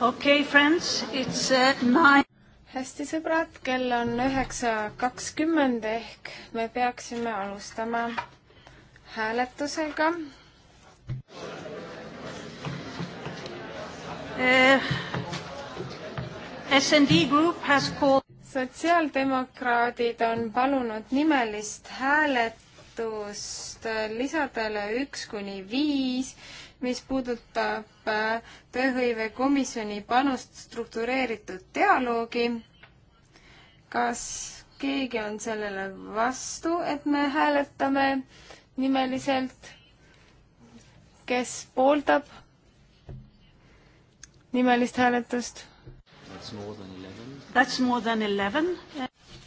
okei okay,, friends, it's uh, nine. hästi, sõbrad, kell on üheksa kakskümmend ehk me peaksime alustama hääletusega eh,. Uh, SND Group has called. sotsiaaldemokraadid on palunud nimelist hääletust lisadele üks kuni viis mis puudutab äh, tööhõivekomisjoni panust struktureeritud dialoogi. kas keegi on sellele vastu, et me hääletame nimeliselt? kes pooldab nimelist hääletust? That's more than eleven.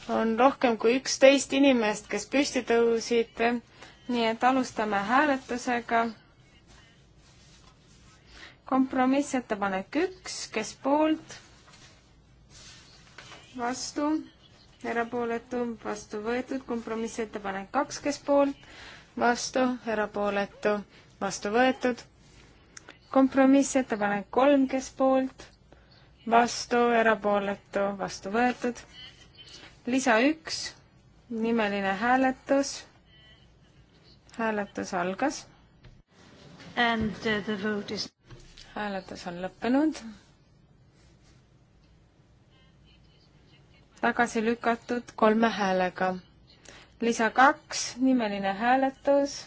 on rohkem kui üksteist inimest, kes püsti tõusid. nii et alustame hääletusega kompromissettepanek üks, kes poolt, vastu, erapooletu, vastu võetud, kompromissettepanek kaks, kes poolt, vastu, erapooletu, vastu võetud, kompromissettepanek kolm, kes poolt, vastu, erapooletu, vastu võetud, lisa üks, nimeline hääletus, hääletus algas. And uh, the vote is hääletus on lõppenud. tagasi lükatud kolme häälega. lisa kaks, nimeline hääletus.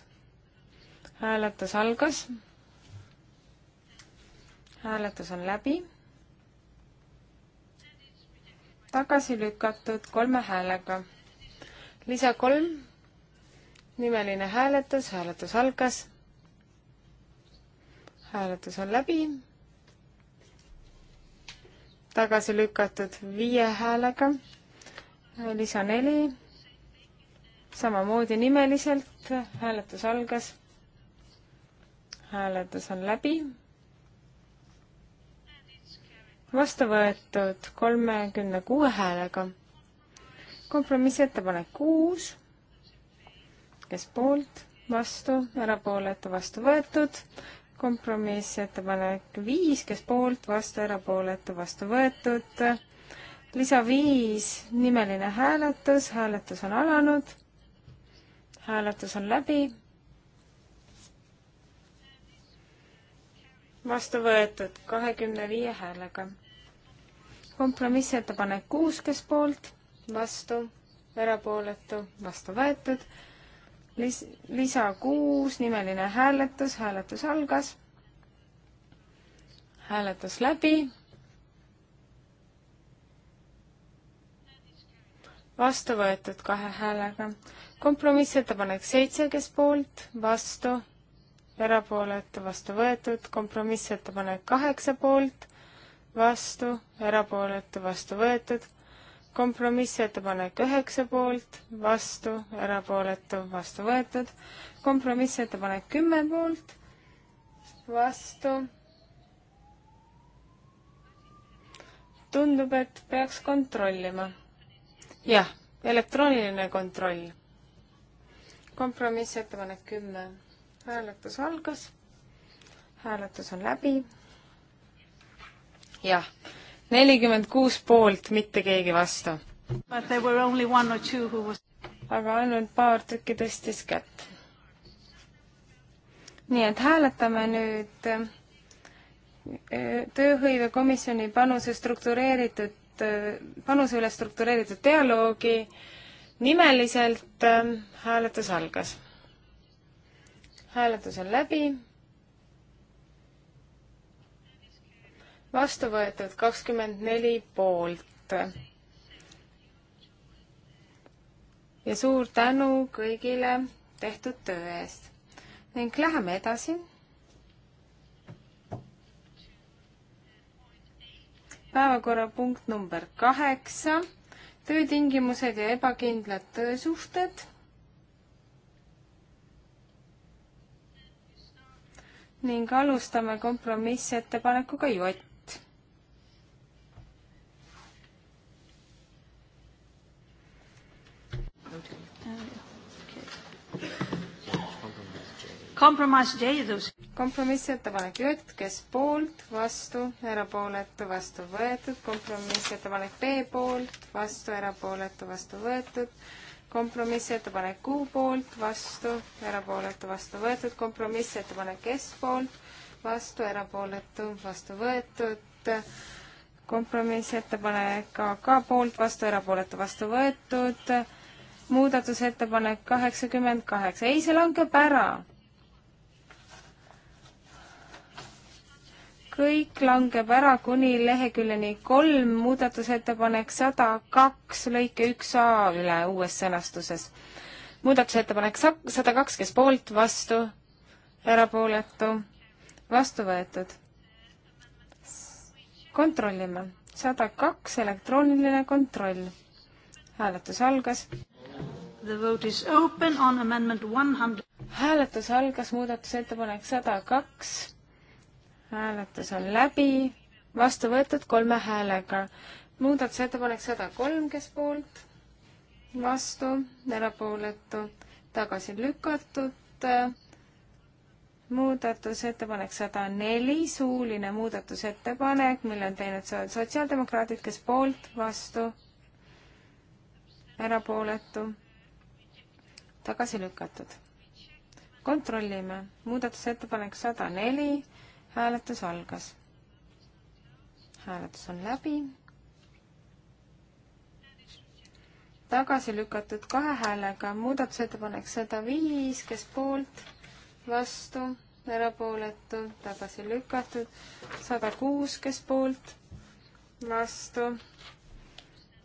hääletus algas. hääletus on läbi. tagasi lükatud kolme häälega. lisa kolm, nimeline hääletus, hääletus algas hääletus on läbi. tagasi lükatud viie häälega, lisa neli, samamoodi nimeliselt, hääletus algas. hääletus on läbi. vastu võetud kolmekümne kuue häälega. kompromissettepanek kuus, kes poolt, vastu, erapooletu, vastu võetud kompromissettepanek viis, kes poolt, vastu, erapooletu, vastu võetud. lisa viis, nimeline hääletus, hääletus on alanud. hääletus on läbi. vastu võetud kahekümne viie häälega. kompromissettepanek kuus, kes poolt, vastu, erapooletu, vastu võetud lis-, lisa kuus, nimeline hääletus, hääletus algas, hääletus läbi, vastu võetud kahe häälega. kompromissettepanek seitse, kes poolt, vastu, erapooletu, vastu võetud, kompromissettepanek kaheksa poolt, vastu, erapooletu, vastu võetud kompromissettepanek üheksa poolt, vastu, erapooletu, vastu võetud. kompromissettepanek kümme poolt, vastu. tundub, et peaks kontrollima. jah, elektrooniline kontroll. kompromissettepanek kümme. hääletus algas. hääletus on läbi. jah nelikümmend kuus poolt, mitte keegi vastu. Was... aga ainult paar tükki tõstis kätt. nii et hääletame nüüd äh, tööhõivekomisjoni panuse struktureeritud, äh, panuse üle struktureeritud dialoogi nimeliselt äh, hääletus algas. hääletus on läbi vastu võetud kakskümmend neli poolt. ja suur tänu kõigile tehtud töö eest ning läheme edasi. päevakorrapunkt number kaheksa, töötingimused ja ebakindlad töösuhted ning alustame kompromissettepanekuga J. kompromissettepanek J, kes poolt, vastu, erapooletu, vastu võetud, kompromissettepanek B poolt, vastu, erapooletu, vastu võetud, kompromissettepanek Q poolt, vastu, erapooletu, vastu võetud, kompromissettepanek S poolt, vastu, erapooletu, vastu võetud, kompromissettepanek AK poolt, vastu, erapooletu, vastu võetud, muudatusettepanek kaheksakümmend kaheksa, ei, see langeb ära kõik langeb ära kuni leheküljeni kolm, muudatusettepanek sada kaks lõike üks A üle uues sõnastuses. muudatusettepanek sada kaks, kes poolt, vastu, erapooletu, vastu võetud. kontrollime, sada kaks, elektrooniline kontroll. hääletus algas. The vote is open on amendment one hundred. hääletus algas, muudatusettepanek sada kaks hääletus on läbi, vastu võetud kolme häälega. muudatusettepanek sada kolm, kes poolt, vastu, erapooletu, tagasi lükatud. muudatusettepanek sada neli, suuline muudatusettepanek, mille on teinud sotsiaaldemokraadid, kes poolt, vastu, erapooletu, tagasi lükatud kontrollime. muudatusettepanek sada neli, hääletus algas. hääletus on läbi. tagasi lükatud kahe häälega muudatusettepanek sada viis, kes poolt, vastu, erapooletu, tagasi lükatud, sada kuus, kes poolt, vastu,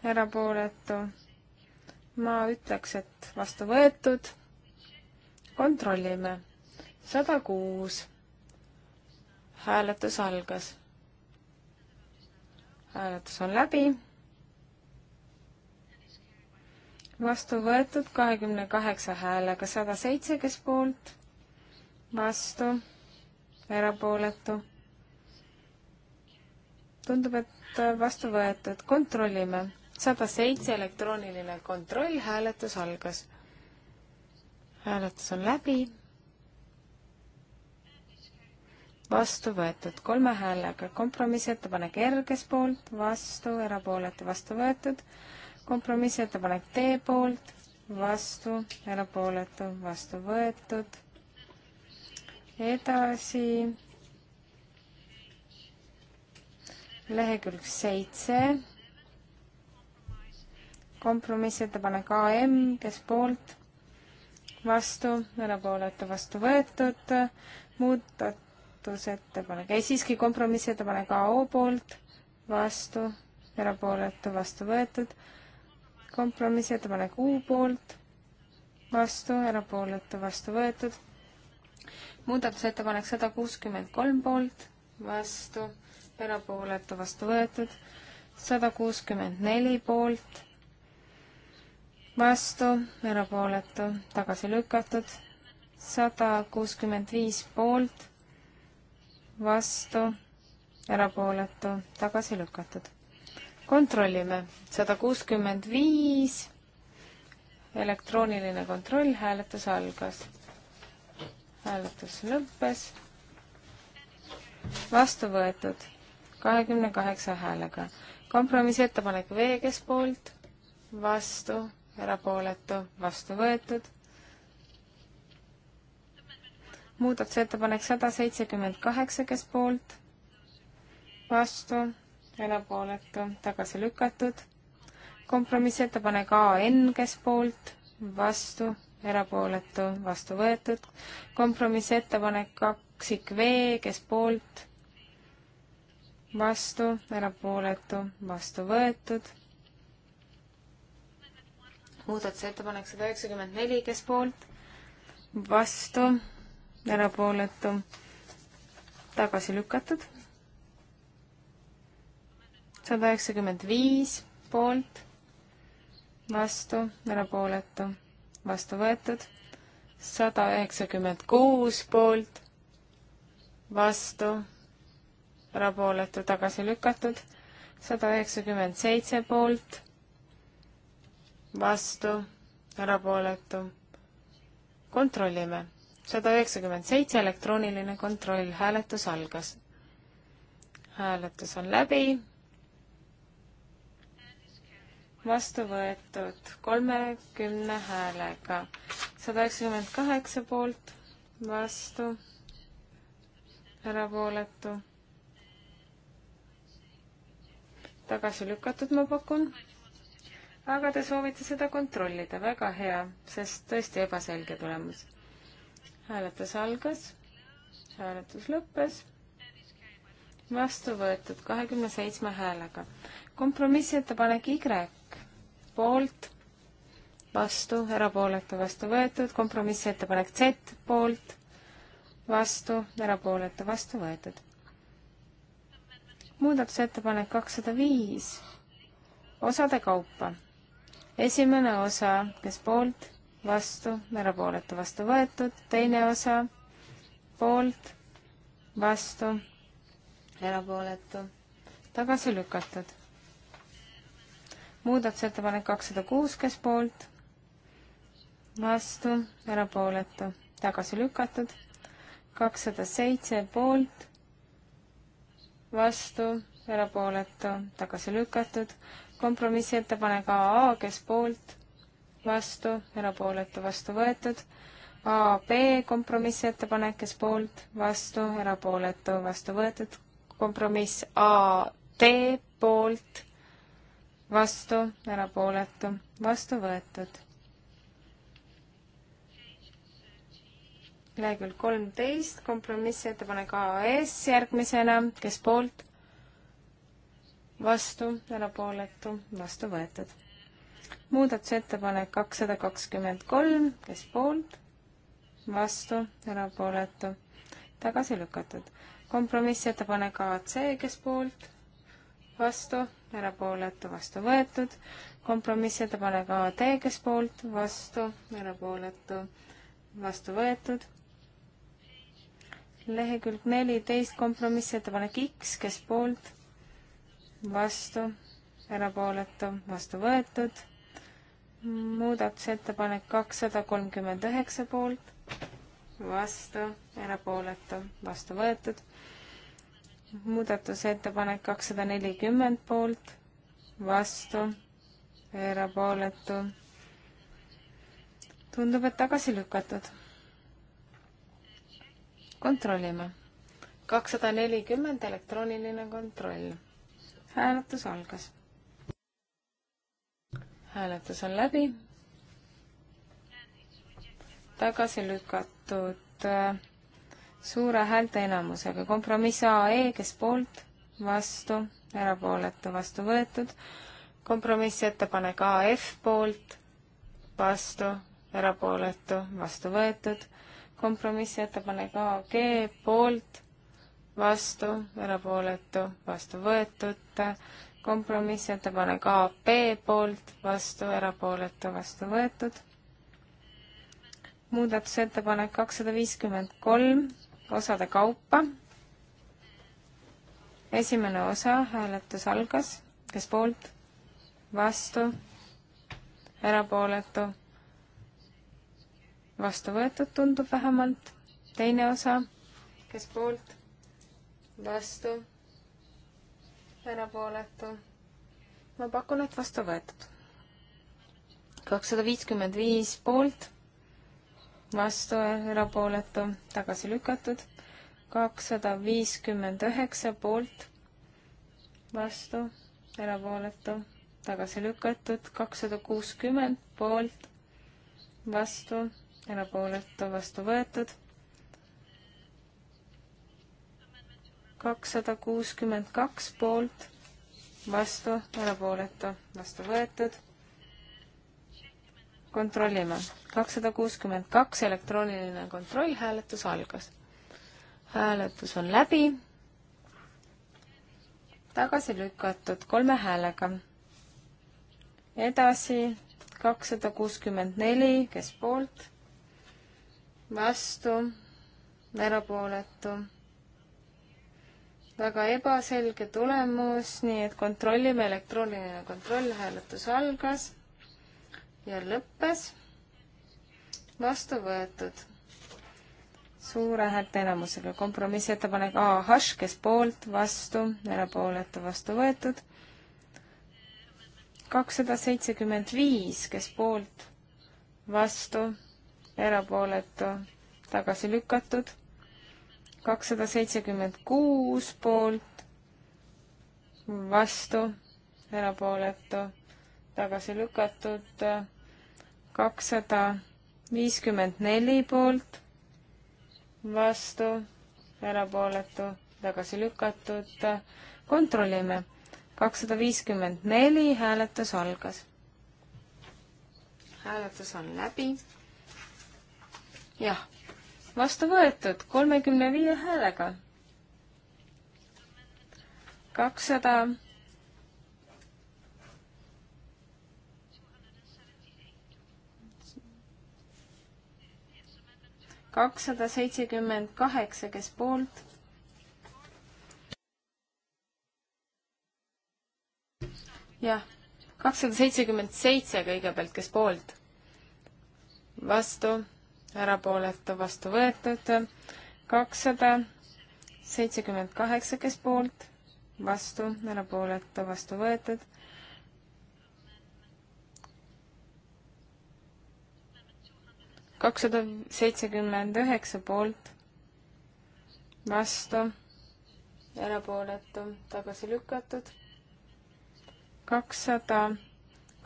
erapooletu. ma ütleks, et vastu võetud. kontrollime. sada kuus hääletus algas. hääletus on läbi. vastu võetud kahekümne kaheksa häälega sada seitse, kes poolt, vastu, erapooletu. tundub, et vastu võetud, kontrollime sada seitse elektrooniline kontroll, hääletus algas. hääletus on läbi vastu võetud kolme häälega, kompromissettepanek R, kes poolt, vastu, erapooletu, vastu võetud, kompromissettepanek T poolt, vastu, erapooletu, vastu võetud, edasi lehekülg seitse, kompromissettepanek AM, kes poolt, vastu, erapooletu, vastu võetud, muudat-, muudatusettepanek, ei siiski kompromissettepanek AO poolt, vastu, erapooletu, vastu võetud, kompromissettepanek U poolt, vastu, erapooletu, vastu võetud, muudatusettepanek sada kuuskümmend kolm poolt, vastu, erapooletu, vastu võetud, sada kuuskümmend neli poolt, vastu, erapooletu, tagasi lükatud, sada kuuskümmend viis poolt, vastu, erapooletu, tagasi lükatud. kontrollime, sada kuuskümmend viis, elektrooniline kontroll, hääletus algas. hääletus lõppes, vastu võetud kahekümne kaheksa häälega. kompromissettepanek V, kes poolt, vastu, erapooletu, vastu võetud muudatusettepanek sada seitsekümmend kaheksa, kes poolt, vastu, erapooletu, tagasi lükatud. kompromissettepanek AN, kes poolt, vastu, erapooletu, vastu võetud. kompromissettepanek kaksik V, kes poolt, vastu, erapooletu, vastu võetud. muudatusettepanek sada üheksakümmend neli, kes poolt, vastu erapooletu, tagasi lükatud. sada üheksakümmend viis poolt, vastu, erapooletu, vastu võetud. sada üheksakümmend kuus poolt, vastu, erapooletu, tagasi lükatud. sada üheksakümmend seitse poolt, vastu, erapooletu. kontrollime sada üheksakümmend seitse, elektrooniline kontroll, hääletus algas. hääletus on läbi. vastu võetud kolmekümne häälega, sada üheksakümmend kaheksa poolt, vastu, erapooletu. tagasi lükatud, ma pakun aga te soovite seda kontrollida, väga hea, sest tõesti ebaselge tulemus hääletus algas, hääletus lõppes, vastu võetud kahekümne seitsme häälega. kompromissettepanek Y poolt, vastu, erapooletu, vastu võetud, kompromissettepanek Z poolt, vastu, erapooletu, vastu võetud. muudatusettepanek kakssada viis, osade kaupa. esimene osa, kes poolt vastu, erapooletu vastu võetud, teine osa poolt, vastu, erapooletu, tagasi lükatud. muudatusettepanek kakssada kuus, kes poolt, vastu, erapooletu, tagasi lükatud, kakssada seitse poolt, vastu, erapooletu, tagasi lükatud, kompromissettepanek AA, kes poolt vastu, erapooletu, vastu võetud. AB kompromissettepanek, kes poolt, vastu, erapooletu, vastu võetud. kompromiss AD poolt, vastu, erapooletu, vastu võetud. lehekülg kolmteist, kompromissettepanek AS järgmisena, kes poolt, vastu, erapooletu, vastu võetud muudatusettepanek kakssada kakskümmend kolm, kes poolt, vastu, erapooletu, tagasi lükatud. kompromissettepanek AC, kes poolt, vastu, erapooletu, vastu võetud. kompromissettepanek AD, kes poolt, vastu, erapooletu, vastu võetud. lehekülg neliteist, kompromissettepanek X, kes poolt, vastu, erapooletu, vastu võetud muudatusettepanek kakssada kolmkümmend üheksa poolt, vastu, erapooletu, vastu võetud. muudatusettepanek kakssada nelikümmend poolt, vastu, erapooletu. tundub, et tagasi lükatud. kontrollime. kakssada nelikümmend elektrooniline kontroll. hääletus algas hääletus on läbi. tagasi lükatud äh, suure häälteenamusega kompromiss AE, kes poolt, vastu, erapooletu, vastu võetud. kompromissettepanek AF poolt, vastu, erapooletu, vastu võetud. kompromissettepanek AG poolt, vastu, erapooletu, vastu võetud kompromissettepanek AB poolt, vastu, erapooletu, vastu võetud. muudatusettepanek kakssada viiskümmend kolm osade kaupa. esimene osa, hääletus algas, kes poolt, vastu, erapooletu, vastu võetud tundub vähemalt, teine osa, kes poolt, vastu erapooletu. ma pakun, et vastu võetud. kakssada viiskümmend viis poolt, vastu erapooletu, tagasi lükatud. kakssada viiskümmend üheksa poolt, vastu erapooletu, tagasi lükatud. kakssada kuuskümmend poolt, vastu erapooletu, vastu võetud kakssada kuuskümmend kaks poolt, vastu, erapooletu, vastu võetud. kontrollime. kakssada kuuskümmend kaks elektrooniline kontroll, hääletus algas. hääletus on läbi. tagasi lükatud kolme häälega. edasi kakssada kuuskümmend neli, kes poolt, vastu, erapooletu väga ebaselge tulemus, nii et kontrollime, elektrooniline kontroll, hääletus algas ja lõppes. vastu võetud suure häälteenamusega kompromissettepanek AH, kes poolt, vastu, erapooletu, vastu võetud. kakssada seitsekümmend viis, kes poolt, vastu, erapooletu, tagasi lükatud kakssada seitsekümmend kuus poolt, vastu, erapooletu, tagasi lükatud, kakssada viiskümmend neli poolt, vastu, erapooletu, tagasi lükatud, kontrollime. kakssada viiskümmend neli hääletus algas. hääletus on läbi. jah vastu võetud kolmekümne viie häälega. kakssada kakssada seitsekümmend kaheksa, kes poolt. jah, kakssada seitsekümmend seitse kõigepealt, kes poolt. vastu erapooletu vastu võetud, kakssada seitsekümmend kaheksa, kes poolt, vastu, erapooletu vastu võetud. kakssada seitsekümmend üheksa poolt, vastu, erapooletu, tagasi lükatud. kakssada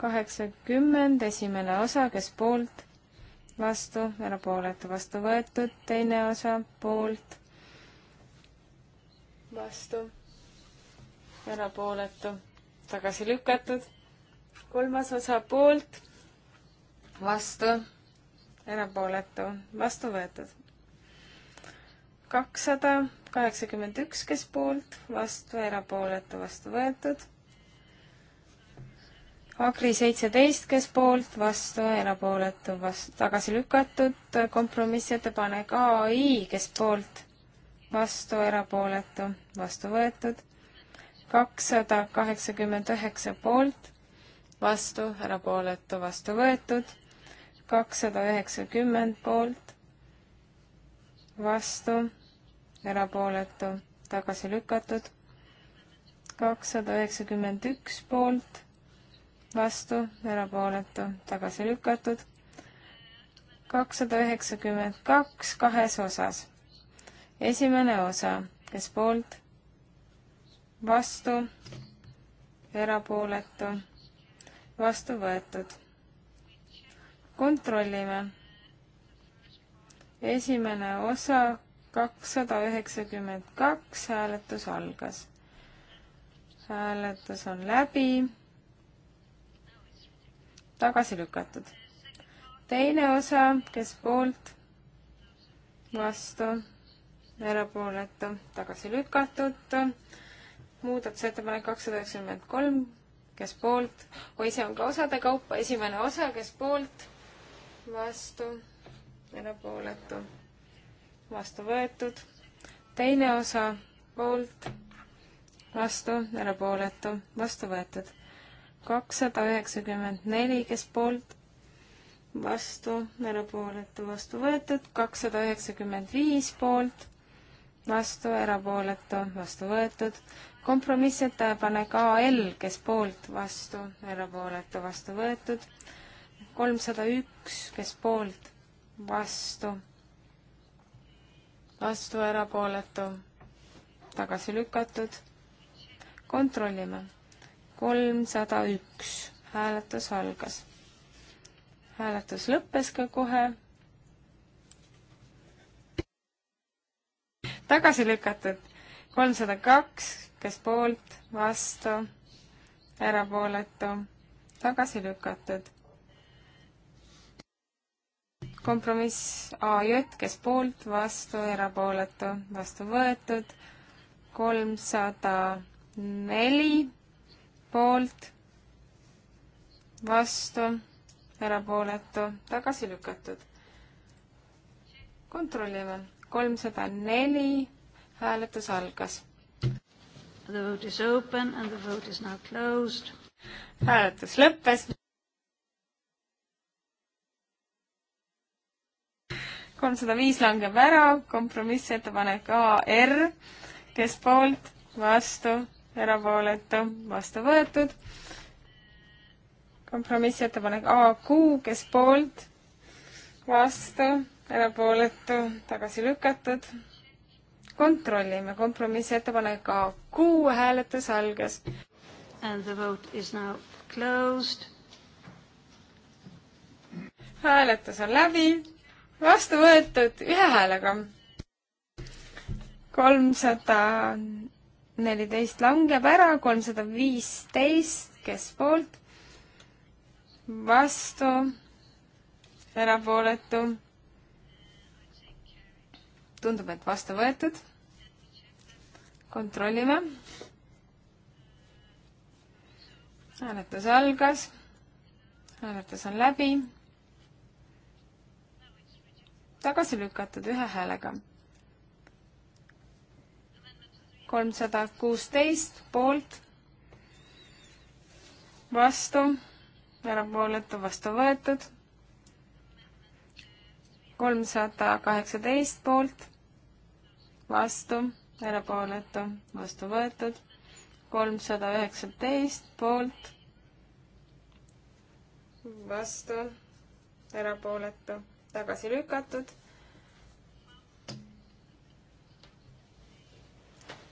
kaheksakümmend, esimene osa, kes poolt vastu, erapooletu, vastu võetud, teine osa poolt, vastu, erapooletu, tagasi lükatud, kolmas osa poolt, vastu, erapooletu, vastu võetud. kakssada kaheksakümmend üks, kes poolt, vastu, erapooletu, vastu võetud Agri seitseteist, kes poolt, vastu, erapooletu, vastu, tagasi lükatud, kompromissettepanek ai, kes poolt, vastu, erapooletu, vastu võetud, kakssada kaheksakümmend üheksa poolt, vastu, erapooletu, vastu võetud, kakssada üheksakümmend poolt, vastu, erapooletu, tagasi lükatud, kakssada üheksakümmend üks poolt vastu, erapooletu, tagasi lükatud. kakssada üheksakümmend kaks kahes osas. esimene osa, kes poolt, vastu, erapooletu, vastu võetud. kontrollime. esimene osa, kakssada üheksakümmend kaks, hääletus algas. hääletus on läbi tagasi lükatud. teine osa, kes poolt, vastu, erapooletu, tagasi lükatud. muudatusettepanek kakssada üheksakümmend kolm, kes poolt, oi, see on ka osade kaupa, esimene osa, kes poolt, vastu, erapooletu, vastu võetud. teine osa, poolt, vastu, erapooletu, vastu võetud kakssada üheksakümmend neli, kes poolt, vastu, erapooletu, vastu võetud, kakssada üheksakümmend viis poolt, vastu, erapooletu, vastu võetud, kompromissettepanek AL, kes poolt, vastu, erapooletu, vastu võetud, kolmsada üks, kes poolt, vastu, vastu, erapooletu, tagasi lükatud, kontrollime kolmsada üks, hääletus algas. hääletus lõppes ka kohe. tagasi lükatud kolmsada kaks, kes poolt, vastu, erapooletu, tagasi lükatud kompromiss AJ, kes poolt, vastu, erapooletu, vastu võetud, kolmsada neli poolt, vastu, erapooletu, tagasi lükatud. kontrollime, kolmsada neli, hääletus algas. The vote is open and the vote is now closed. hääletus lõppes. kolmsada viis langeb ära, kompromissettepanek AR, kes poolt, vastu erapooletu, vastu võetud. kompromissettepanek AQ, kes poolt, vastu, erapooletu, tagasi lükatud. kontrollime, kompromissettepanek AQ, hääletus algas. And the vote is now closed. hääletus on läbi, vastu võetud ühe häälega. kolmsada 300 neliteist langeb ära, kolmsada viisteist, kes poolt, vastu, erapooletu. tundub, et vastu võetud. kontrollime. hääletus algas, hääletus on läbi tagasi lükatud ühe häälega kolmsada kuusteist poolt, vastu, erapooletu vastu võetud, kolmsada kaheksateist poolt, vastu, erapooletu vastu võetud, kolmsada üheksateist poolt, vastu, erapooletu tagasi lükatud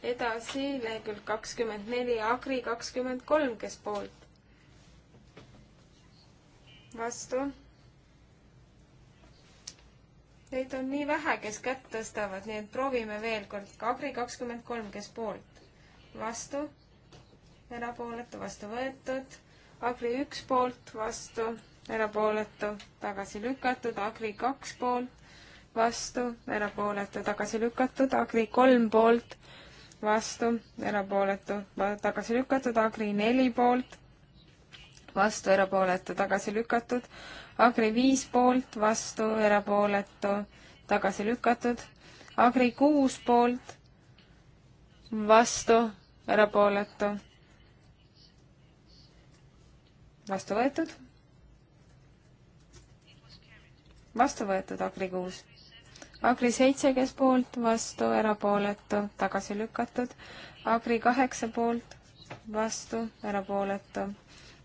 edasi lehekülg kakskümmend neli, Agri kakskümmend kolm, kes poolt? vastu. Neid on nii vähe, kes kätt tõstavad, nii et proovime veel kord. Agri kakskümmend kolm, kes poolt? vastu. erapooletu, vastu võetud. Agri üks poolt, vastu, erapooletu, tagasi lükatud. Agri kaks poolt, vastu, erapooletu, tagasi lükatud. Agri kolm poolt vastu, erapooletu, tagasi lükatud, Agri neli poolt, vastu, erapooletu, tagasi lükatud, Agri viis poolt, vastu, erapooletu, tagasi lükatud, Agri kuus poolt, vastu, erapooletu, vastu võetud, vastu võetud Agri kuus Agri seitse, kes poolt, vastu, erapooletu, tagasi lükatud. Agri kaheksa poolt, vastu, erapooletu,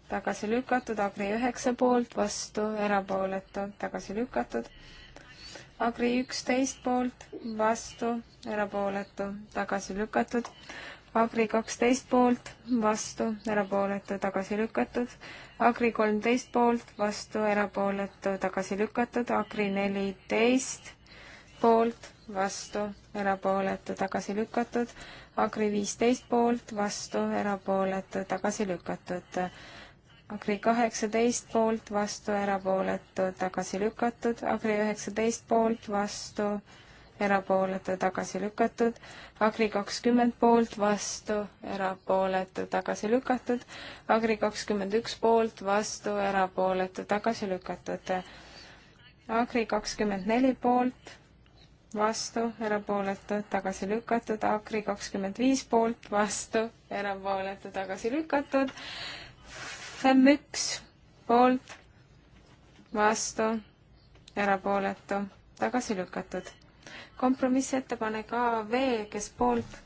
tagasi lükatud. Agri üheksa poolt, vastu, erapooletu, tagasi lükatud. Agri üksteist poolt, vastu, erapooletu, tagasi lükatud. Agri kaksteist poolt, vastu, erapooletu, tagasi lükatud. Agri kolmteist poolt, vastu, erapooletu, tagasi lükatud. Agri neliteist poolt, vastu, erapooletu, tagasi lükatud. Agri viisteist poolt, vastu, erapooletu, tagasi lükatud. Agri kaheksateist poolt, vastu, erapooletu, tagasi lükatud. Agri üheksateist poolt, vastu, erapooletu, tagasi lükatud. Agri kakskümmend poolt, vastu, erapooletu, tagasi lükatud. Agri kakskümmend üks poolt, vastu, erapooletu, tagasi lükatud. Agri kakskümmend neli poolt vastu, erapooletu, tagasi lükatud, Agri kakskümmend viis poolt, vastu, erapooletu, tagasi lükatud, FEM üks poolt, vastu, erapooletu, tagasi lükatud. kompromissettepanek AV, kes poolt,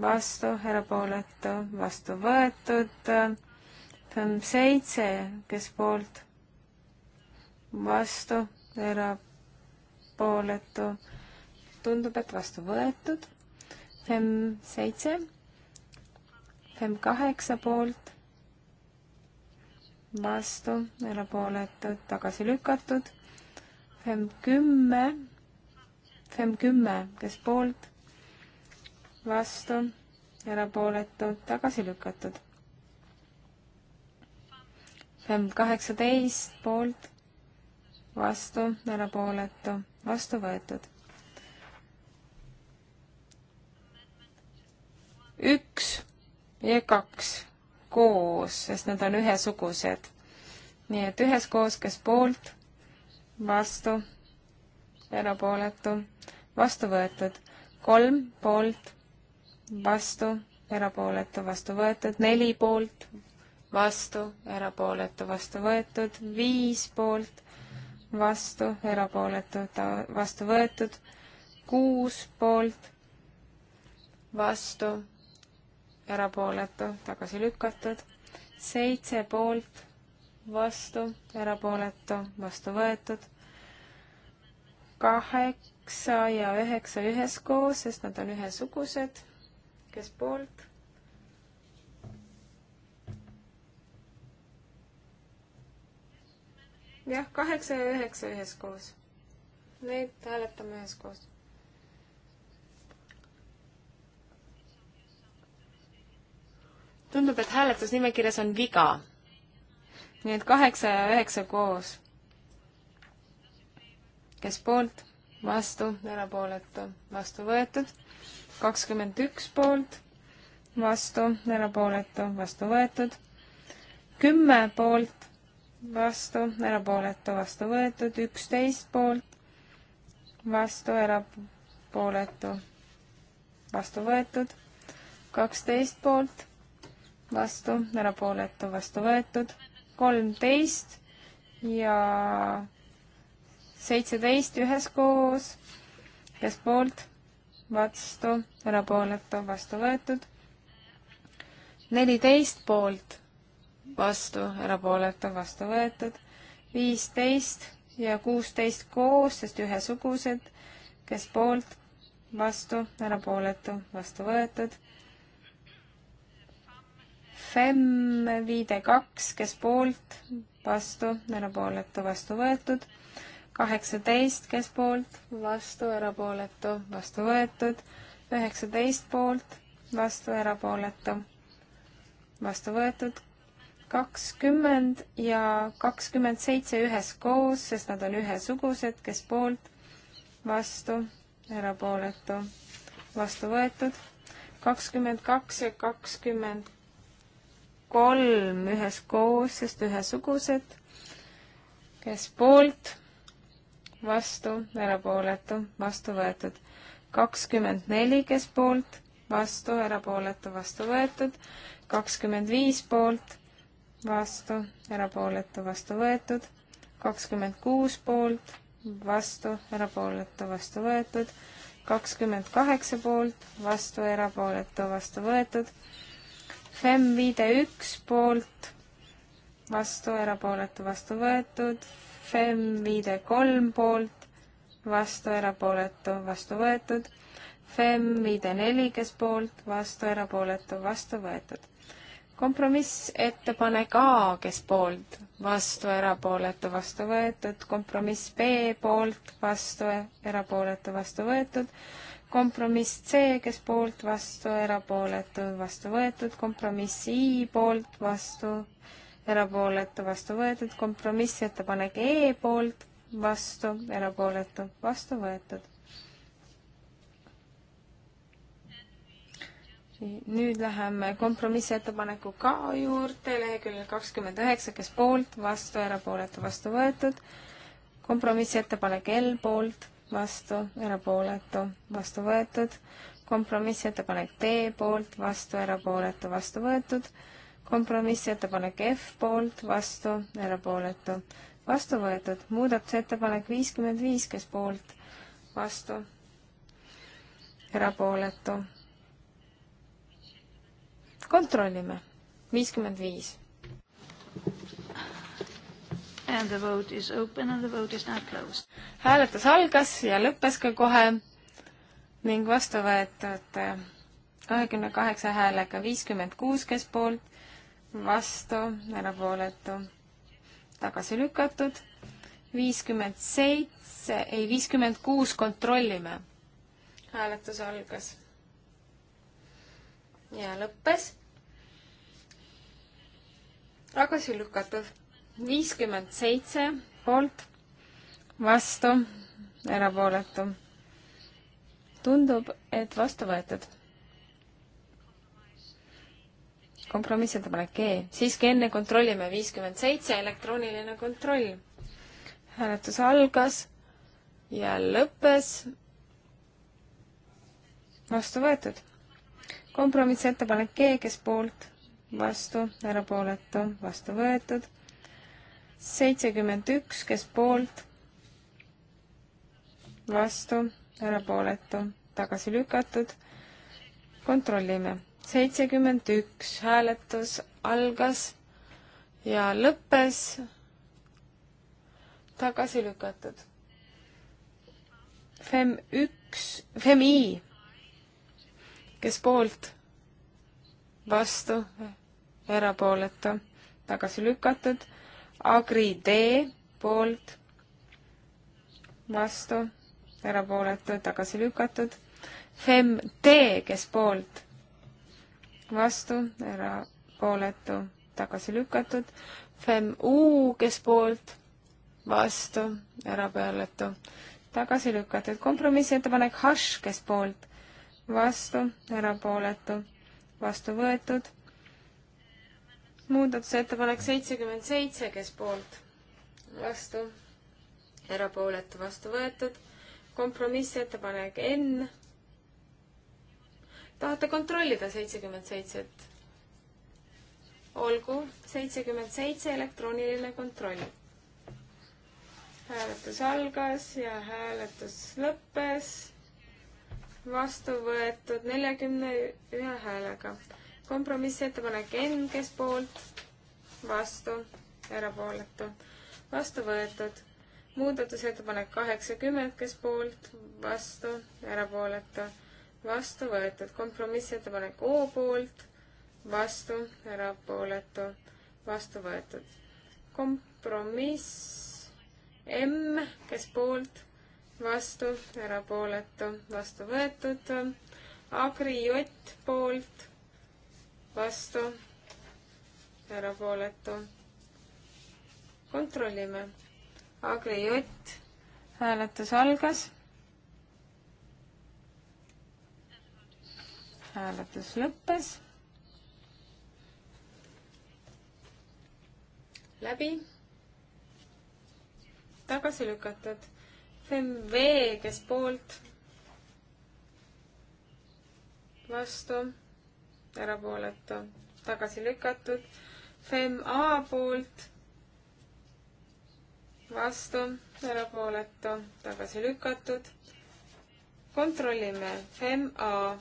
vastu, erapooletu, vastu võetud, FEM seitse, kes poolt, vastu, erapooletu, tundub, et vastu võetud. FEM seitse, FEM kaheksa poolt, vastu, erapooletud, tagasi lükatud. FEM kümme, FEM kümme, kes poolt, vastu, erapooletud, tagasi lükatud. FEM kaheksateist poolt vastu, erapooletu, vastu võetud. üks ja kaks koos, sest nad on ühesugused. nii et üheskoos, kes poolt, vastu, erapooletu, vastu võetud, kolm poolt, vastu, erapooletu, vastu võetud, neli poolt, vastu, erapooletu, vastu võetud, viis poolt, vastu, erapooletu, vastu võetud, kuus poolt, vastu, erapooletu, tagasi lükatud, seitse poolt, vastu, erapooletu, vastu võetud, kaheksa ja üheksa üheskoos, sest nad on ühesugused, kes poolt jah, kaheksa ja üheksa üheskoos. Neid hääletame üheskoos. tundub, et hääletusnimekirjas on viga. nii et kaheksa ja üheksa koos. kes poolt, vastu, erapooletu, vastu võetud. kakskümmend üks poolt, vastu, erapooletu, vastu võetud. kümme poolt, vastu, erapooletu, vastu võetud. üksteist poolt, vastu, erapooletu, vastu võetud. kaksteist poolt vastu, erapooletu, vastu võetud, kolmteist ja seitseteist üheskoos, kes poolt, vastu, erapooletu, vastu võetud, neliteist poolt, vastu, erapooletu, vastu võetud, viisteist ja kuusteist koos, sest ühesugused, kes poolt, vastu, erapooletu, vastu võetud FEM viide kaks, kes poolt, vastu, erapooletu, vastu võetud. kaheksateist, kes poolt, vastu, erapooletu, vastu võetud. üheksateist poolt, vastu, erapooletu, vastu võetud. kakskümmend ja kakskümmend seitse üheskoos, sest nad on ühesugused, kes poolt, vastu, erapooletu, vastu võetud. kakskümmend kaks ja kakskümmend kolm üheskoos, sest ühesugused. kes poolt, vastu, erapooletu, vastu võetud. kakskümmend neli, kes poolt, vastu, erapooletu, vastu võetud. kakskümmend viis poolt, vastu, erapooletu, vastu võetud. kakskümmend kuus poolt, vastu, erapooletu, vastu võetud. kakskümmend kaheksa poolt, vastu, erapooletu, vastu võetud FEM viide üks poolt, vastu, erapooletu, vastu võetud. FEM viide kolm poolt, vastu, erapooletu, vastu võetud. FEM viide neli, kes poolt, vastu, erapooletu, vastu võetud kompromissettepanek A, kes poolt, vastu, erapooletu, vastu võetud, kompromiss B poolt, vastu, erapooletu, vastu võetud, kompromiss C, kes poolt, vastu, erapooletu, vastu võetud, kompromiss I poolt, vastu, erapooletu, vastu võetud, kompromissettepanek E poolt, vastu, erapooletu, vastu võetud. nüüd läheme kompromissettepaneku K juurde, leheküljel kakskümmend üheksa, kes poolt, vastu, erapooletu, vastu võetud, kompromissettepanek L poolt vastu, erapooletu, vastu võetud. kompromissettepanek D poolt, vastu, erapooletu, vastu võetud. kompromissettepanek F poolt, vastu, erapooletu, vastu võetud. muudatusettepanek viiskümmend viis, kes poolt, vastu, erapooletu. kontrollime. viiskümmend viis And the vote is open and the vote is now closed. hääletus algas ja lõppes ka kohe ning vastu võetud äh, kahekümne kaheksa häälega viiskümmend kuus, kes poolt, vastu, erapooletu, tagasi lükatud, viiskümmend seitse, ei, viiskümmend kuus kontrollime. hääletus algas ja lõppes tagasi lükatud viiskümmend seitse poolt, vastu, erapooletu. tundub, et vastu võetud. kompromissettepanek E, siiski enne kontrollime viiskümmend seitse, elektrooniline kontroll. hääletus algas ja lõppes. vastu võetud. kompromissettepanek G, e, kes poolt, vastu, erapooletu, vastu võetud seitsekümmend üks, kes poolt, vastu, erapooletu, tagasi lükatud. kontrollime. seitsekümmend üks hääletus algas ja lõppes tagasi lükatud. Fem üks, Fem I, kes poolt, vastu, erapooletu, tagasi lükatud Agri D poolt, vastu, erapooletu, tagasi lükatud. Fem D, kes poolt, vastu, erapooletu, tagasi lükatud. Fem U, kes poolt, vastu, erapooletu, tagasi lükatud. kompromissettepanek H, kes poolt, vastu, erapooletu, vastu võetud muudatusettepanek seitsekümmend seitse, kes poolt? vastu. erapooletu vastu võetud. kompromissettepanek N. tahate kontrollida seitsekümmend seitset? olgu, seitsekümmend seitse elektrooniline kontroll. hääletus algas ja hääletus lõppes. vastu võetud neljakümne ühe häälega kompromissettepanek N, kes poolt, vastu, erapooletu, vastu võetud. muudatusettepanek kaheksakümmend, kes poolt, vastu, erapooletu, vastu võetud. kompromissettepanek O poolt, vastu, erapooletu, vastu võetud. kompromiss M, kes poolt, vastu, erapooletu, vastu võetud. Agri Jott poolt vastu, erapooletu. kontrollime. Agri Jutt, hääletus algas. hääletus lõppes. läbi. tagasi lükatud. FMV, kes poolt? vastu erapooletu, tagasi lükatud. Fem A poolt, vastu, erapooletu, tagasi lükatud. kontrollime, Fem A.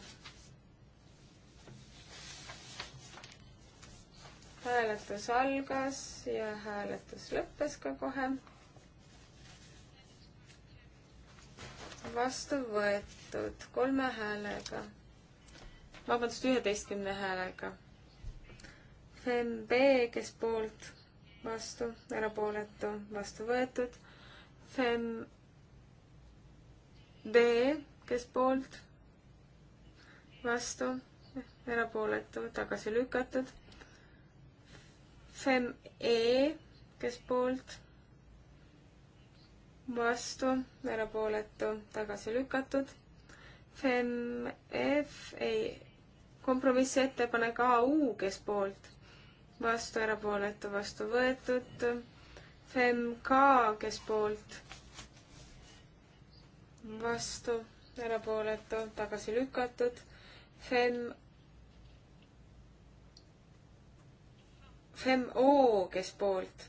hääletus algas ja hääletus lõppes ka kohe. vastu võetud kolme häälega vabandust, üheteistkümne häälega. FEMB, kes poolt, vastu, erapooletu, vastu võetud. FEMB, kes poolt, vastu, erapooletu, tagasi lükatud. FEME, kes poolt, vastu, erapooletu, tagasi lükatud. FEMF ei kompromissettepanek AU, kes poolt, vastu, erapooletu, vastu võetud. FMK, e kes poolt, vastu, erapooletu, tagasi lükatud. FEM, FEMO, kes poolt,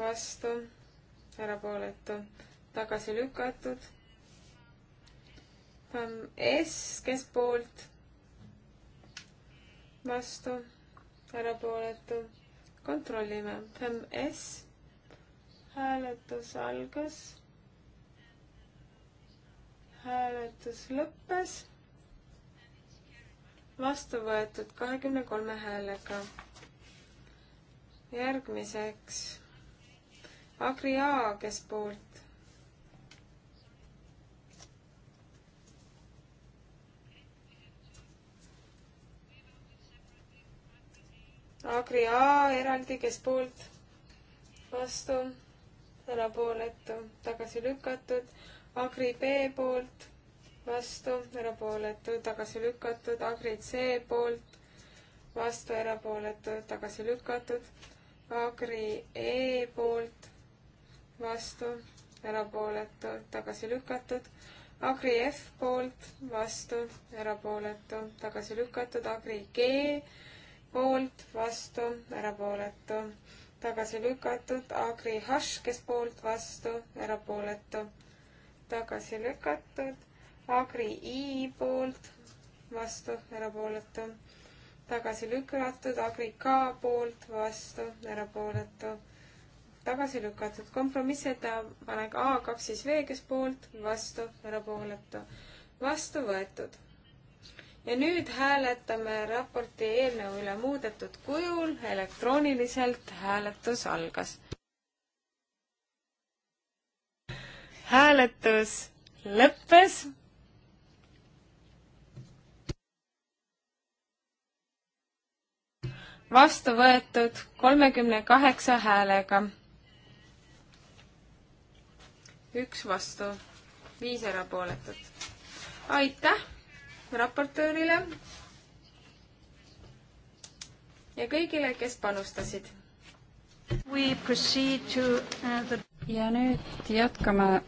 vastu, erapooletu, tagasi lükatud FAM ähm, S, kes poolt, vastu, erapooletu. kontrollime. FAM ähm, S, hääletus algas. hääletus lõppes. vastu võetud kahekümne kolme häälega. järgmiseks Agri A, kes poolt, Agri A eraldi, kes poolt, vastu, erapooletu, tagasi lükatud. Agri B poolt, vastu, erapooletu, tagasi lükatud. Agri C poolt, vastu, erapooletu, tagasi lükatud. Agri E poolt, vastu, erapooletu, tagasi lükatud. Agri F poolt, vastu, erapooletu, tagasi lükatud. Agri G poolt, poolt, vastu, erapooletu, tagasi lükatud, Agri Hash, kes poolt, vastu, erapooletu, tagasi lükatud, Agri I poolt, vastu, erapooletu, tagasi lükatud, Agri K poolt, vastu, erapooletu, tagasi lükatud, kompromissettepanek A kaks siis V, kes poolt, vastu, erapooletu, vastu võetud ja nüüd hääletame raporti eelnõu üle muudetud kujul elektrooniliselt. hääletus algas. hääletus lõppes. vastu võetud kolmekümne kaheksa häälega. üks vastu, viis erapooletut. aitäh raportöörile ja kõigile, kes panustasid. Uh, the... ja nüüd jätkame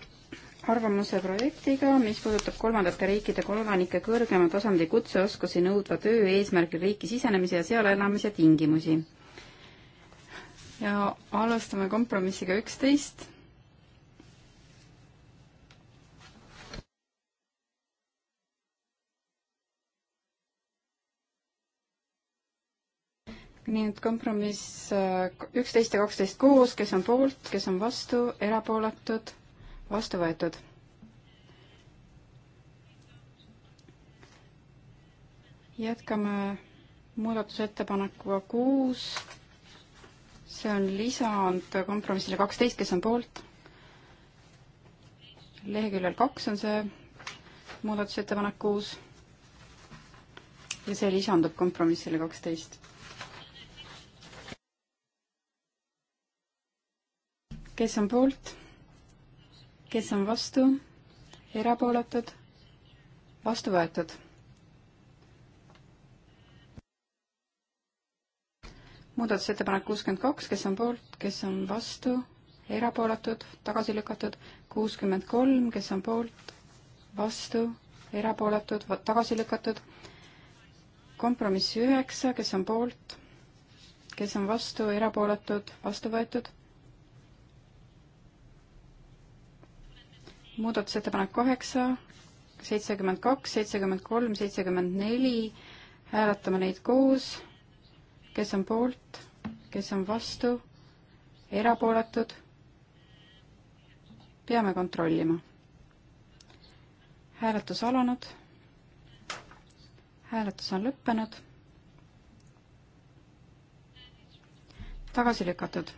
arvamuse projektiga, mis puudutab kolmandate riikide kodanike kõrgema tasandi kutseoskusi nõudva töö eesmärgil riiki sisenemise ja seal elamise tingimusi. ja alustame kompromissiga üksteist nii et kompromiss äh, üksteist ja kaksteist koos, kes on poolt, kes on vastu, erapooletud, vastu võetud. jätkame muudatusettepanekuga kuus. see on lisand kompromissile kaksteist, kes on poolt. leheküljel kaks on see muudatusettepanek kuus. ja see lisandub kompromissile kaksteist kes on poolt, kes on vastu, erapooletud, vastu võetud. muudatusettepanek kuuskümmend kaks, kes on poolt, kes on vastu, erapooletud, tagasi lükatud, kuuskümmend kolm, kes on poolt, vastu, erapooletud, tagasi lükatud kompromissi üheksa, kes on poolt, kes on vastu, erapooletud, vastu võetud. muudatusettepanek kaheksa, seitsekümmend kaks, seitsekümmend kolm, seitsekümmend neli, hääletame neid koos, kes on poolt, kes on vastu, erapooletud, peame kontrollima. hääletus alanud, hääletus on lõppenud, tagasi lükatud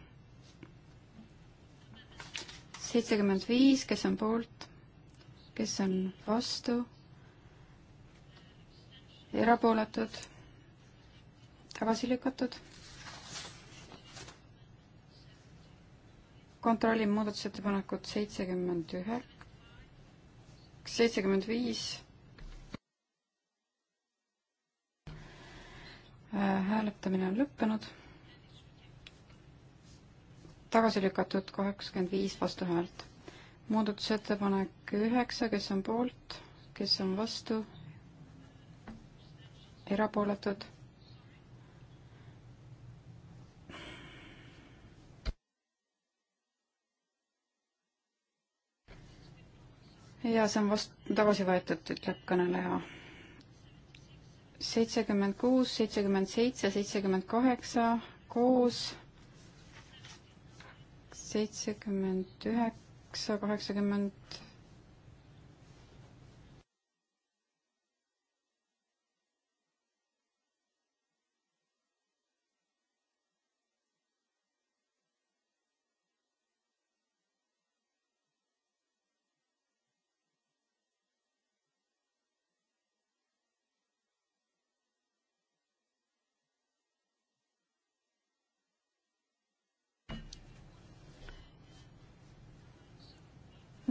seitsekümmend viis, kes on poolt, kes on vastu, erapooletud, tagasi lükatud. kontrollin muudatusettepanekut seitsekümmend ühe, seitsekümmend viis. Äh, hääletamine on lõppenud tagasi lükatud kaheksakümmend viis vastuhäält. muudatusettepanek üheksa, kes on poolt, kes on vastu, erapooletud. ja see on vast-, tagasi võetud, ütleb kõneleja. seitsekümmend kuus, seitsekümmend seitse, seitsekümmend kaheksa koos seitsekümmend üheksa, kaheksakümmend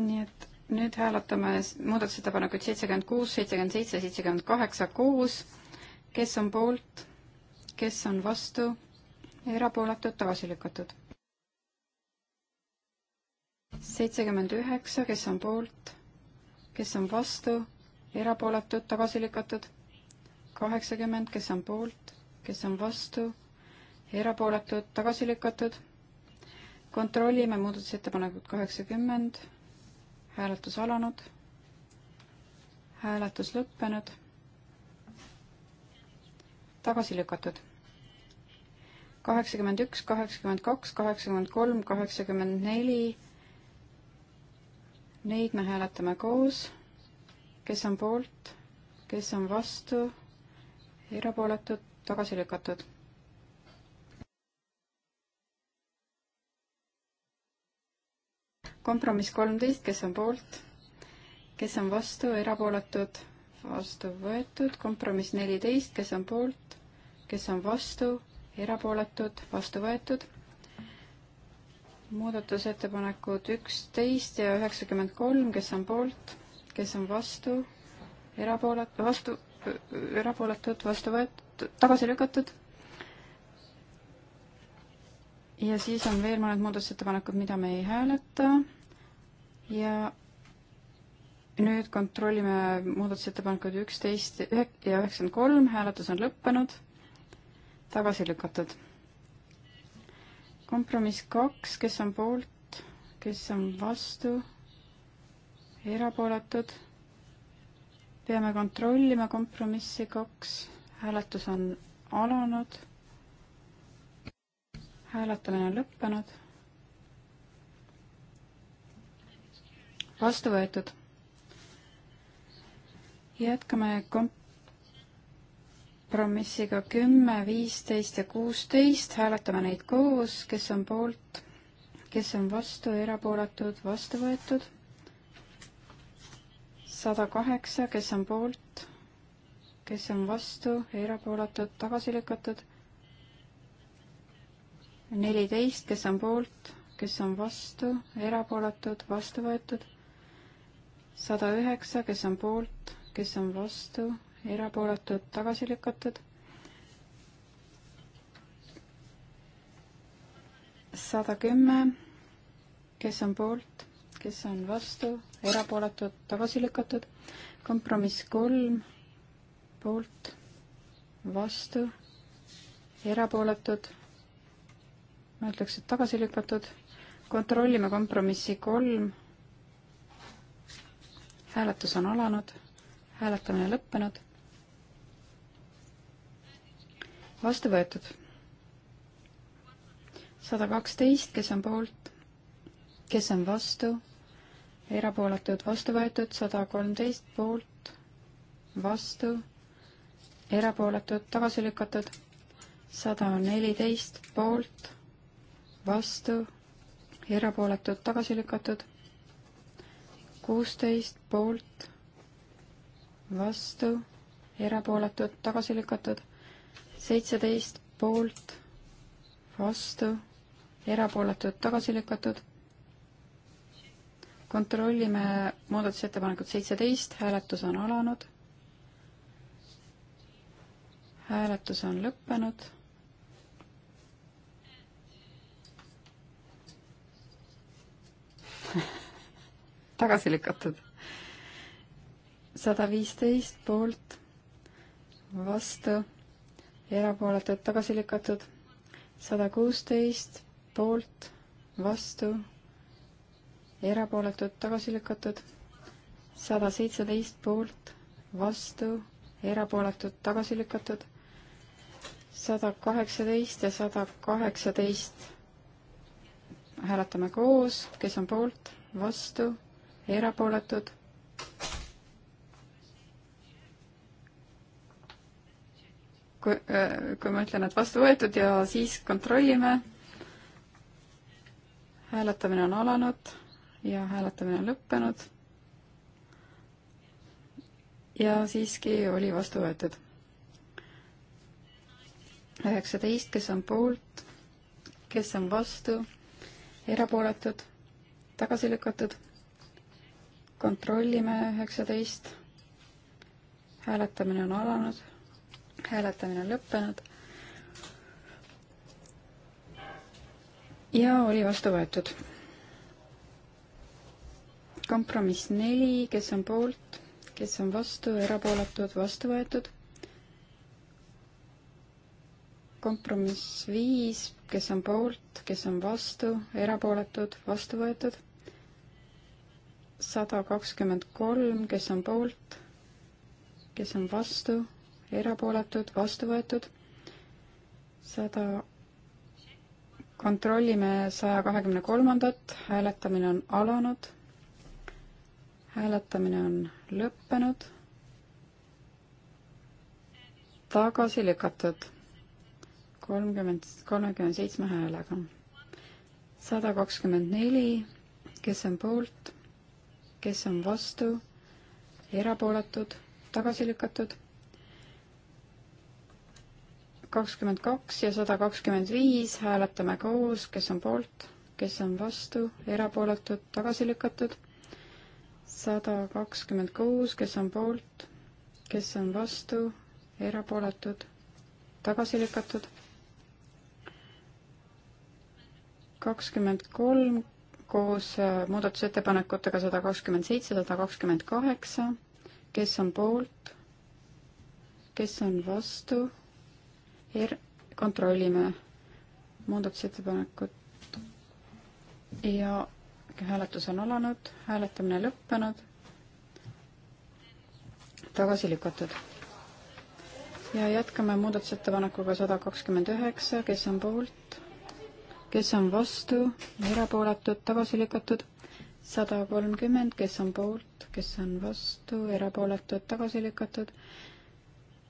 nii et nüüd hääletame muudatusettepanekuid seitsekümmend kuus, seitsekümmend seitse, seitsekümmend kaheksa, kuus. kes on poolt, kes on vastu, erapooletud, tagasi lükatud. seitsekümmend üheksa, kes on poolt, kes on vastu, erapooletud, tagasi lükatud. kaheksakümmend, kes on poolt, kes on vastu, erapooletud, tagasi lükatud. kontrollime muudatusettepanekut kaheksakümmend hääletus alanud, hääletus lõppenud, tagasi lükatud. kaheksakümmend üks, kaheksakümmend kaks, kaheksakümmend kolm, kaheksakümmend neli, neid me hääletame koos, kes on poolt, kes on vastu, erapooletud, tagasi lükatud kompromiss kolmteist, kes on poolt, kes on vastu, erapooletud, vastu võetud, kompromiss neliteist, kes on poolt, kes on vastu, erapooletud, vastu võetud muudatusettepanekud üksteist ja üheksakümmend kolm, kes on poolt, kes on vastu, erapoolet-, vastu, erapooletud, vastu võetud, tagasi lükatud, ja siis on veel mõned muudatusettepanekud, mida me ei hääleta ja nüüd kontrollime muudatusettepanekuid üksteist ja üheksakümmend kolm, hääletus on lõppenud, tagasi lükatud. kompromiss kaks, kes on poolt, kes on vastu, erapooletud, peame kontrollima kompromissi kaks, hääletus on alanud hääletamine on lõppenud. vastu võetud. jätkame kompromissiga kümme, viisteist ja kuusteist, hääletame neid koos, kes on poolt, kes on vastu, erapooletud, vastu võetud. sada kaheksa, kes on poolt, kes on vastu, erapooletud, tagasi lükatud neliteist, kes on poolt, kes on vastu, erapooletud, vastu võetud. sada üheksa, kes on poolt, kes on vastu, erapooletud, tagasi lükatud. sada kümme, kes on poolt, kes on vastu, erapooletud, tagasi lükatud. kompromiss kolm, poolt, vastu, erapooletud ma ütleks, et tagasi lükatud. kontrollime kompromissi kolm. hääletus on alanud, hääletamine lõppenud. vastu võetud. sada kaksteist, kes on poolt, kes on vastu, erapooletud, vastu võetud, sada kolmteist poolt, vastu, erapooletud, tagasi lükatud, sada neliteist poolt vastu, erapooletud, tagasi lükatud, kuusteist poolt, vastu, erapooletud, tagasi lükatud, seitseteist poolt, vastu, erapooletud, tagasi lükatud. kontrollime muudatusettepanekut seitseteist, hääletus on alanud. hääletus on lõppenud tagasi lükatud. sada viisteist poolt, vastu, erapooletud, tagasi lükatud. sada kuusteist poolt, vastu, erapooletud, tagasi lükatud. sada seitseteist poolt, vastu, erapooletud, tagasi lükatud. sada kaheksateist ja sada kaheksateist hääletame koos, kes on poolt, vastu, erapooletud. kui, äh, kui ma ütlen, et vastu võetud ja siis kontrollime. hääletamine on alanud ja hääletamine on lõppenud. ja siiski oli vastu võetud. üheksateist, kes on poolt, kes on vastu, erapooletud, tagasi lükatud kontrollime üheksateist. hääletamine on alanud, hääletamine on lõppenud. ja oli vastu võetud. kompromiss neli, kes on poolt, kes on vastu, erapooletud, vastu võetud. kompromiss viis, kes on poolt, kes on vastu, erapooletud, vastu võetud sada kakskümmend kolm, kes on poolt, kes on vastu, erapooletud, vastu võetud, sada, kontrollime saja kahekümne kolmandat, hääletamine on alanud, hääletamine on lõppenud, tagasi lükatud kolmkümmend, kolmekümne seitsme häälega. sada kakskümmend neli, kes on poolt, kes on vastu, erapooletud, tagasi lükatud. kakskümmend kaks ja sada kakskümmend viis hääletame koos, kes on poolt, kes on vastu, erapooletud, tagasi lükatud. sada kakskümmend kuus, kes on poolt, kes on vastu, erapooletud, tagasi lükatud. kakskümmend kolm koos äh, muudatusettepanekutega sada kakskümmend seitse, sada kakskümmend kaheksa, kes on poolt, kes on vastu, er-, kontrollime muudatusettepanekut ja hääletus on alanud, hääletamine lõppenud, tagasi lükatud. ja jätkame muudatusettepanekuga sada kakskümmend üheksa, kes on poolt, kes on vastu, erapooletud, tagasi lükatud. sada kolmkümmend, kes on poolt, kes on vastu, erapooletud, tagasi lükatud.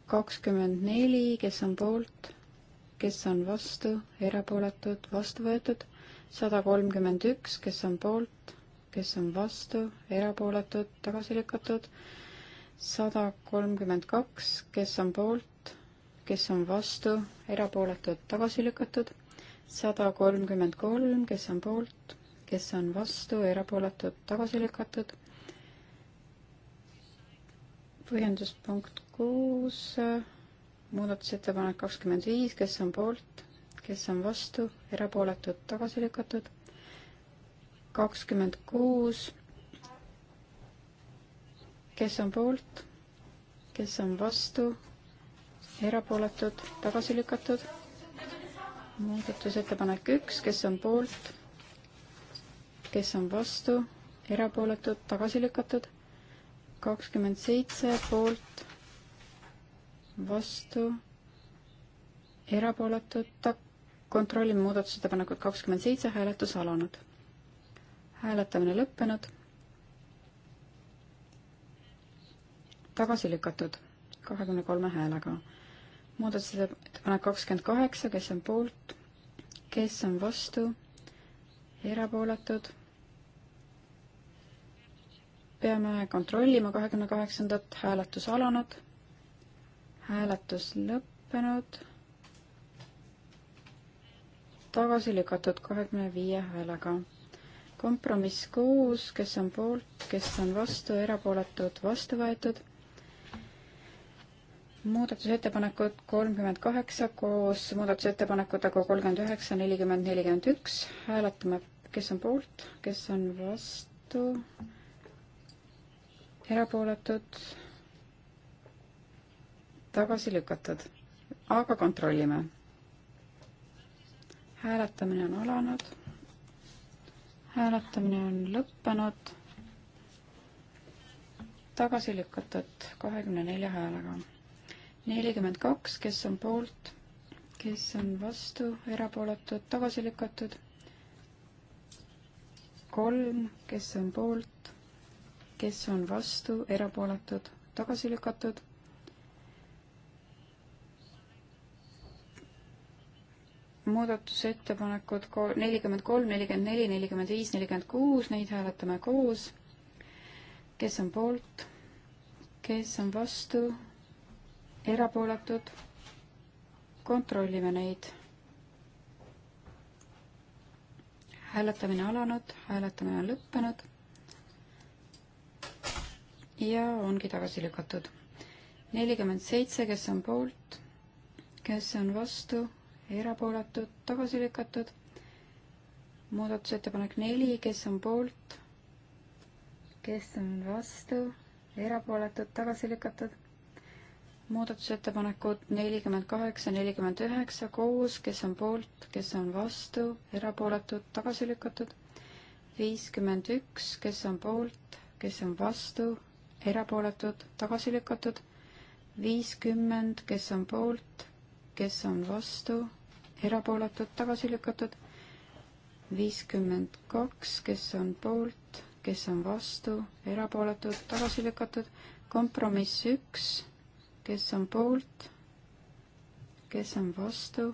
kakskümmend neli, kes on poolt, kes on vastu, erapooletud, vastu võetud. sada kolmkümmend üks, kes on poolt, kes on vastu, erapooletud, tagasi lükatud sada kolmkümmend kaks, kes on poolt, kes on vastu, erapooletud, tagasi lükatud sada kolmkümmend kolm, kes on poolt, kes on vastu, erapooletud, tagasi lükatud. põhjenduspunkt kuus, muudatusettepanek kakskümmend viis, kes on poolt, kes on vastu, erapooletud, tagasi lükatud. kakskümmend kuus, kes on poolt, kes on vastu, erapooletud, tagasi lükatud muudatusettepanek üks, kes on poolt, kes on vastu, erapooletud, tagasi lükatud, kakskümmend seitse poolt, vastu, erapooletud, ta-, kontrollime muudatusettepanekut kakskümmend seitse, hääletus alanud. hääletamine lõppenud, tagasi lükatud kahekümne kolme häälega muudatusettepanek kakskümmend kaheksa, kes on poolt, kes on vastu, erapooletud. peame kontrollima kahekümne kaheksandat, hääletus alanud, hääletus lõppenud, tagasi lükatud kahekümne viie häälega kompromiss kuus, kes on poolt, kes on vastu, erapooletud, vastu võetud muudatusettepanekud kolmkümmend kaheksa koos muudatusettepanekutega kolmkümmend üheksa, nelikümmend, nelikümmend üks. hääletame, kes on poolt, kes on vastu, erapooletud, tagasi lükatud, aga kontrollime. hääletamine on alanud. hääletamine on lõppenud. tagasi lükatud kahekümne nelja häälega nelikümmend kaks, kes on poolt, kes on vastu, erapooletud, tagasi lükatud. kolm, kes on poolt, kes on vastu, erapooletud, tagasi lükatud. muudatusettepanekud nelikümmend kolm, nelikümmend neli, nelikümmend viis, nelikümmend kuus, neid hääletame koos. kes on poolt, kes on vastu, erapooletud, kontrollime neid. hääletamine alanud, hääletamine on lõppenud. ja ongi tagasi lükatud. nelikümmend seitse, kes on poolt, kes on vastu, erapooletud, tagasi lükatud. muudatusettepanek neli, kes on poolt, kes on vastu, erapooletud, tagasi lükatud muudatusettepanekud nelikümmend kaheksa, nelikümmend üheksa koos, kes on poolt, kes on vastu, erapooletud, tagasi lükatud. viiskümmend üks, kes on poolt, kes on vastu, erapooletud, tagasi lükatud. viiskümmend, kes on poolt, kes on vastu, erapooletud, tagasi lükatud. viiskümmend kaks, kes on poolt, kes on vastu, erapooletud, tagasi lükatud. kompromiss üks kes on poolt, kes on vastu,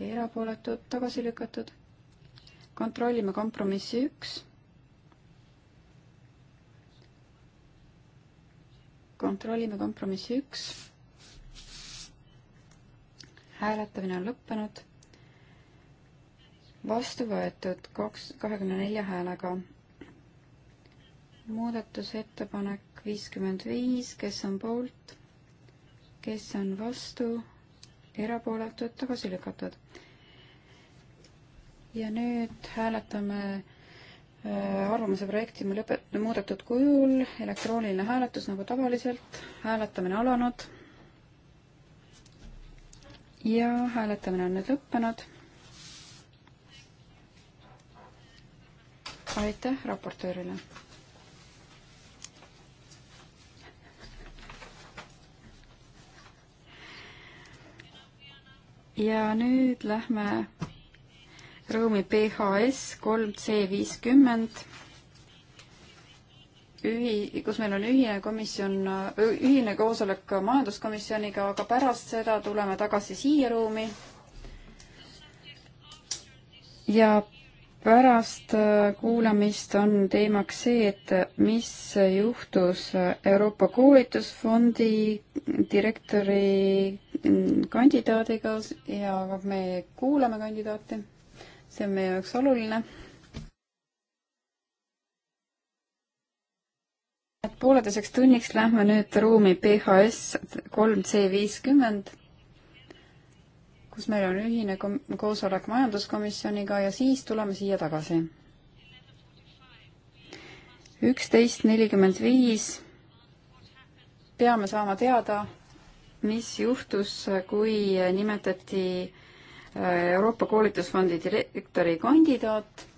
erapooletud, tagasi lükatud. kontrollime kompromissi üks. kontrollime kompromissi üks. hääletamine on lõppenud. vastu võetud kaks, kahekümne nelja häälega muudatusettepanek viiskümmend viis, kes on poolt, kes on vastu, erapooletud, tagasi lükatud. ja nüüd hääletame äh, arvamuse projekti lõpet-, muudetud kujul, elektrooniline hääletus nagu tavaliselt, hääletamine alanud. ja hääletamine on nüüd lõppenud. aitäh raportöörile! ja nüüd lähme ruumi PHS 3C50 ühi-, kus meil on ühine komisjon, ühine koosolek majanduskomisjoniga, aga pärast seda tuleme tagasi siia ruumi. ja pärast äh, kuulamist on teemaks see, et mis juhtus Euroopa koolitusfondi direktori kandidaadiga ja me kuulame kandidaati. see on meie jaoks oluline. et pooleteiseks tunniks lähme nüüd ruumi PHS kolm C viiskümmend, kus meil on ühine koosolek majanduskomisjoniga ja siis tuleme siia tagasi. üksteist nelikümmend viis peame saama teada mis juhtus, kui nimetati äh, Euroopa koolitusfondi direktori kandidaat